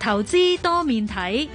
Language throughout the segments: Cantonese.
投資多面睇，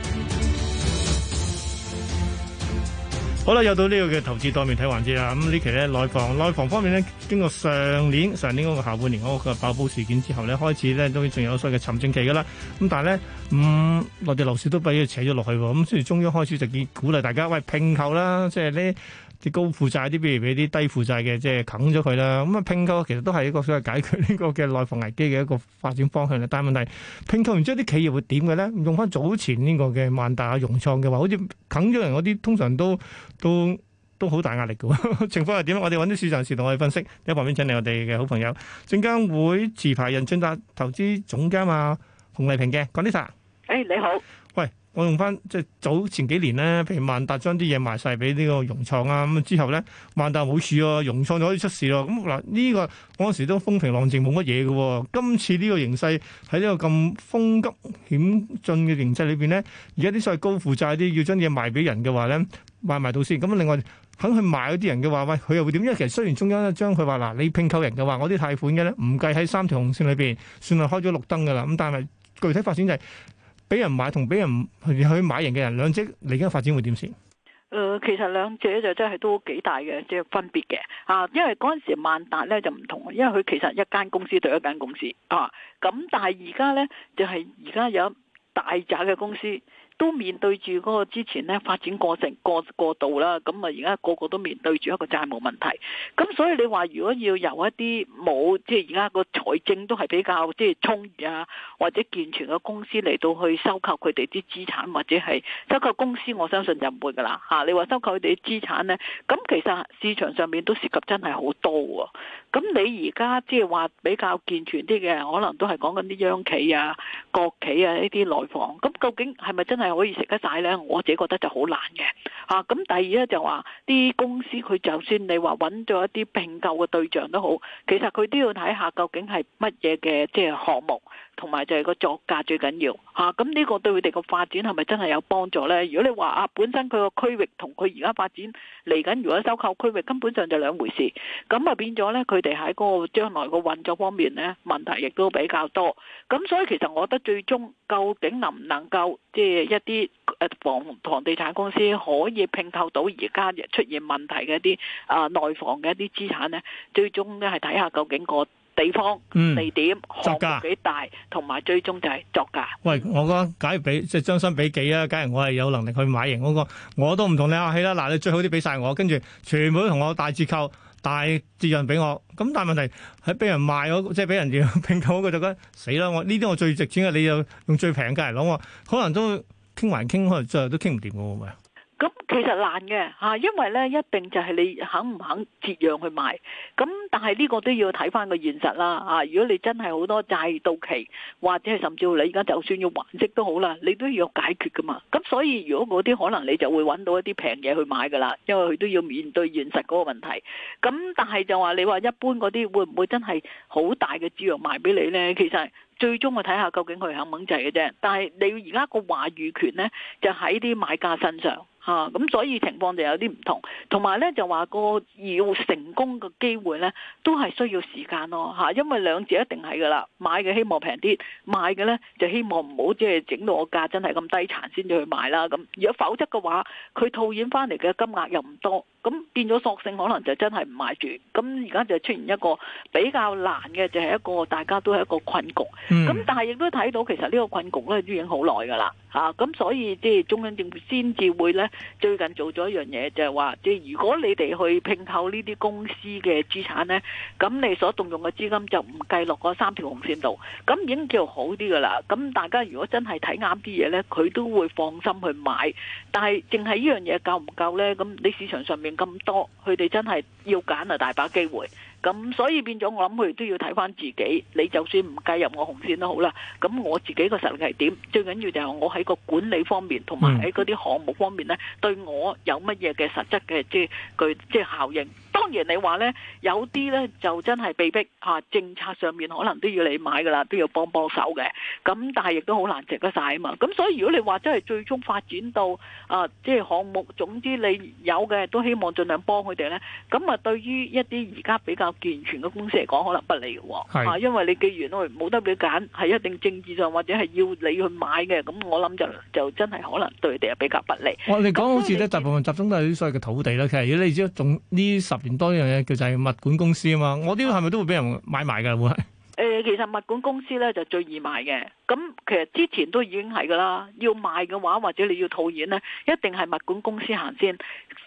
好啦，又到呢個嘅投資多面睇環節啦。咁呢期咧，內房內房方面咧，經過上年上年嗰個下半年嗰個爆煲事件之後咧，開始咧都仲有所謂嘅沉靜期噶啦。咁但係咧，咁內地樓市都被扯咗落去，咁所以中央開始就見鼓勵大家喂併購啦，即係呢。即高負債啲，譬如俾啲低負債嘅，即係啃咗佢啦。咁啊，併購其實都係一個所謂解決呢個嘅內房危機嘅一個發展方向嘅。但係問題，併購完之後啲企業會點嘅咧？用翻早前呢個嘅萬達啊、融創嘅話，好似啃咗人嗰啲，通常都都都好大壓力嘅。 情況係點咧？我哋揾啲市場人士同我哋分析。喺旁邊請嚟我哋嘅好朋友，證監會持牌人駿達投資總監啊，熊麗萍嘅，Connie 姐。誒，你好。喂。我用翻即係早前幾年咧，譬如萬達將啲嘢賣晒俾呢個融創啊，咁之後咧萬達冇事喎，融創就可以出事咯。咁嗱呢個嗰陣時都風平浪靜冇乜嘢嘅。今次呢個形勢喺呢個咁風急險峻嘅形勢裏邊咧，而家啲所謂高負債啲要將啲嘢賣俾人嘅話咧，賣埋到先。咁另外肯去買嗰啲人嘅話，喂佢又會點？因為其實雖然中央將佢話嗱你併購人嘅話，我啲貸款嘅咧唔計喺三條紅線裏邊，算係開咗綠燈㗎喇。咁但係具體發展就係。俾人買同俾人去去買型嘅人，兩者你而家發展會點先？誒、呃，其實兩者就真係都幾大嘅，即係分別嘅啊！因為嗰陣時萬達咧就唔同，因為佢其實一間公司對一間公司啊。咁但係而家咧就係而家有大宅嘅公司。都面對住嗰個之前呢發展過程過過度啦，咁啊而家個個都面對住一個債務問題。咁所以你話如果要由一啲冇即係而家個財政都係比較即係充裕啊或者健全嘅公司嚟到去收購佢哋啲資產，或者係收購公司，我相信就唔會噶啦嚇。你話收購佢哋啲資產呢，咁其實市場上面都涉及真係好多喎、啊。咁你而家即係話比較健全啲嘅，可能都係講緊啲央企啊、國企啊呢啲內房。咁究竟係咪真係？可以食得晒咧，我自己覺得就好難嘅吓。咁第二咧就話，啲公司佢就算你話揾咗一啲併購嘅對象都好，其實佢都要睇下究竟係乜嘢嘅即係項目。同埋就係個作價最緊要嚇，咁、啊、呢個對佢哋個發展係咪真係有幫助呢？如果你話啊，本身佢個區域同佢而家發展嚟緊，如果收購區域根本上就兩回事，咁啊變咗呢，佢哋喺嗰個將來個運作方面呢，問題亦都比較多。咁所以其實我覺得最終究竟能唔能夠即係、就是、一啲誒房房地產公司可以拼湊到而家出現問題嘅一啲啊、呃、內房嘅一啲資產呢，最終呢係睇下究竟、個。地方、地點、作、嗯、項目幾大，同埋最終就係作價。喂，我覺得假如俾即係將心比己啊，假如我係有能力去買型嗰個，我都唔同你客氣、啊、啦。嗱，你最好啲俾晒我，跟住全部都同我大折扣、大折潤俾我。咁但係問題係俾人賣嗰即係俾人哋拼購嗰陣覺得死啦！我呢啲我最值錢嘅，你又用最平價嚟攞我，可能都傾埋傾，可能最後都傾唔掂嘅喎。咁其實難嘅吓、啊，因為呢一定就係你肯唔肯折讓去賣。咁但係呢個都要睇翻個現實啦吓、啊。如果你真係好多債到期，或者係甚至你而家就算要還息都好啦，你都要解決噶嘛。咁所以如果嗰啲可能你就會揾到一啲平嘢，去買噶啦，因為佢都要面對現實嗰個問題。咁但係就話你話一般嗰啲會唔會真係好大嘅資源賣俾你呢？其實最終我睇下究竟佢肯唔肯制嘅啫。但係你而家個話語權呢，就喺啲買家身上。啊，咁所以情況就有啲唔同，同埋咧就話個要成功嘅機會咧，都係需要時間咯嚇，啊，因為兩者一定係噶啦，買嘅希望平啲，賣嘅咧就希望唔好即係整到個價真係咁低殘先至去買啦，咁如果否則嘅話，佢套現翻嚟嘅金額又唔多。咁變咗索性可能就真係唔買住，咁而家就出現一個比較難嘅，就係、是、一個大家都係一個困局。咁、嗯、但係亦都睇到其實呢個困局咧都已經好耐㗎啦，嚇、啊、咁所以即係中央政府先至會咧最近做咗一樣嘢，就係話即係如果你哋去併購呢啲公司嘅資產咧，咁你所動用嘅資金就唔計落嗰三條紅線度，咁已經叫好啲㗎啦。咁大家如果真係睇啱啲嘢咧，佢都會放心去買。但係淨係呢樣嘢夠唔夠咧？咁你市場上面。咁多，佢哋真係要揀啊，大把機會。咁所以變咗，我諗佢哋都要睇翻自己。你就算唔介入我紅線都好啦。咁我自己個實力係點？最緊要就係我喺個管理方面，同埋喺嗰啲項目方面咧，對我有乜嘢嘅實質嘅即係佢即係效應。當然你話咧，有啲咧就真係被逼嚇、啊、政策上面可能都要你買㗎喇，都要幫幫手嘅。咁但係亦都好難值得晒嘛。咁所以如果你話真係最終發展到啊，即係項目，總之你有嘅都希望盡量幫佢哋咧。咁啊，對於一啲而家比較健全嘅公司嚟講，可能不利嘅。是啊，因為你既然我冇得俾你揀，係一定政治上或者係要你去買嘅，咁我諗就就真係可能對佢哋係比較不利。我哋講好似咧，大部分集中都係啲所謂嘅土地啦。其實如果你知道總呢十。多呢樣嘢叫就係物管公司啊嘛，我啲係咪都會俾人買埋噶？會係，誒，其實物管公司咧就最易賣嘅。咁其實之前都已經係噶啦。要賣嘅話，或者你要套現咧，一定係物管公司行先。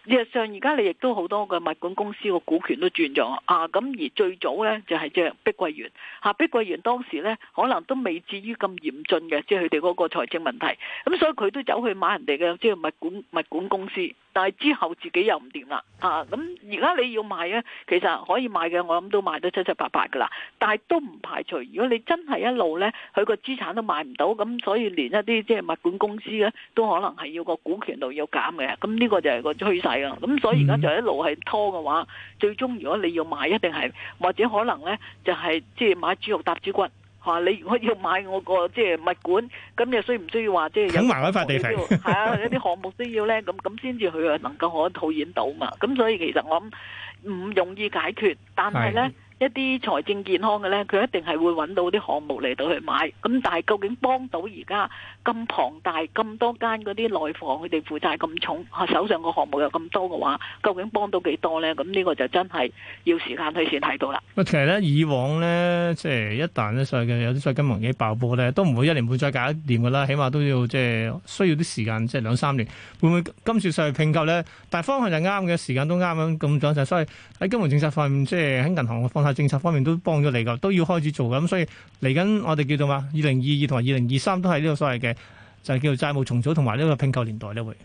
事實上，而家你亦都好多嘅物管公司個股權都轉咗啊。咁而最早咧就係隻碧桂園吓，碧桂園當時咧可能都未至於咁嚴峻嘅，即係佢哋嗰個財政問題。咁所以佢都走去買人哋嘅即係物管物管公司。但係之後自己又唔掂啦，啊，咁而家你要買咧，其實可以買嘅，我諗都買得七七八八噶啦。但係都唔排除，如果你真係一路咧，佢個資產都買唔到，咁所以連一啲即係物管公司咧，都可能係要個股權度要減嘅。咁呢個就係個趨勢啦。咁所以而家就一路係拖嘅話，最終如果你要買，一定係，或者可能咧，就係即係買豬肉搭豬骨。嚇、啊！你如果要買我個即係物管，咁又需唔需要話即係有埋一塊地皮？係 啊，一啲項目需要咧，咁咁先至佢啊能夠可以套現到嘛。咁所以其實我諗唔容易解決，但係咧。一啲財政健康嘅咧，佢一定係會揾到啲項目嚟到去買。咁但係究竟幫到而家咁龐大、咁多間嗰啲內房佢哋負債咁重，啊手上個項目又咁多嘅話，究竟幫到幾多咧？咁呢個就真係要時間去先睇到啦。咁其實咧，以往咧，即係一旦咧，所以嘅有啲所以金融機爆破咧，都唔會一年半載搞掂噶啦，起碼都要即係需要啲時間，即係兩三年。會唔會今次上去併購咧？但係方向就啱嘅，時間都啱咁咁長勢。所以喺金融政策方面，即係喺銀行嘅方向。政策方面都幫咗你噶，都要開始做咁，所以嚟緊我哋叫做嘛，二零二二同埋二零二三都係呢個所謂嘅就係、是、叫做債務重組同埋呢個併購年代咧會的。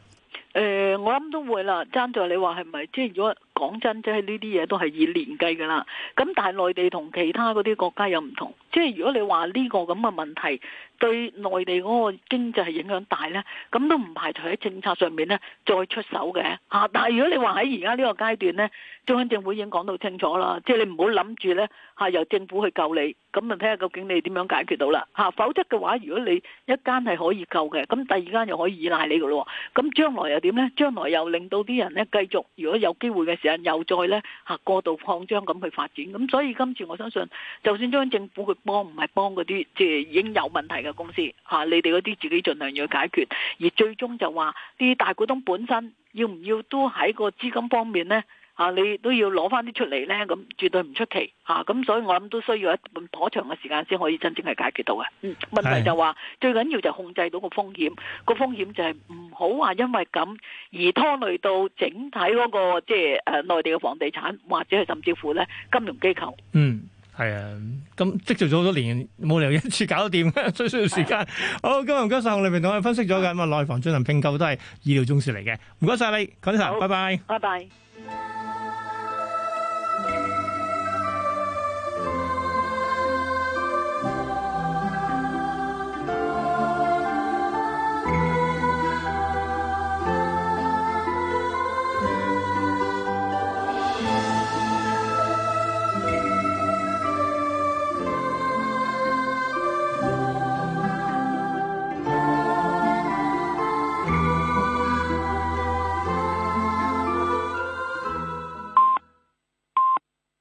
誒、呃，我諗都會啦。爭在你話係咪？即係如果講真，即係呢啲嘢都係以年計噶啦。咁但係內地同其他嗰啲國家又唔同。即係如果你話呢個咁嘅問題。對內地嗰個經濟影響大呢，咁都唔排除喺政策上面呢再出手嘅嚇、啊。但係如果你話喺而家呢個階段呢，中央政府已經講到清楚啦，即係你唔好諗住呢，嚇、啊、由政府去救你，咁咪睇下究竟你點樣解決到啦嚇、啊。否則嘅話，如果你一間係可以救嘅，咁第二間又可以依賴你嘅咯。咁將來又點呢？將來又令到啲人呢繼續，如果有機會嘅時間，又再呢嚇、啊、過度擴張咁去發展。咁所以今次我相信，就算中央政府去幫唔係幫嗰啲，即係已經有問題，嘅公司嚇，你哋嗰啲自己盡量要解決，而最終就話啲大股東本身要唔要都喺個資金方面咧啊，你都要攞翻啲出嚟咧，咁絕對唔出奇嚇。咁所以我諗都需要一段頗長嘅時間先可以真正係解決到嘅。嗯，問題就話最緊要就控制到個風險，個風險就係唔好話因為咁而拖累到整體嗰個即係誒內地嘅房地產或者係甚至乎咧金融機構。嗯。係啊，咁積聚咗好多年，冇理由一次搞得掂嘅，都需要時間。的好，今日唔該晒熊麗萍同我分析咗嘅，咁啊的內房進行併購都係意料中事嚟嘅。唔該晒你，講得頭，anda, 拜拜，拜拜。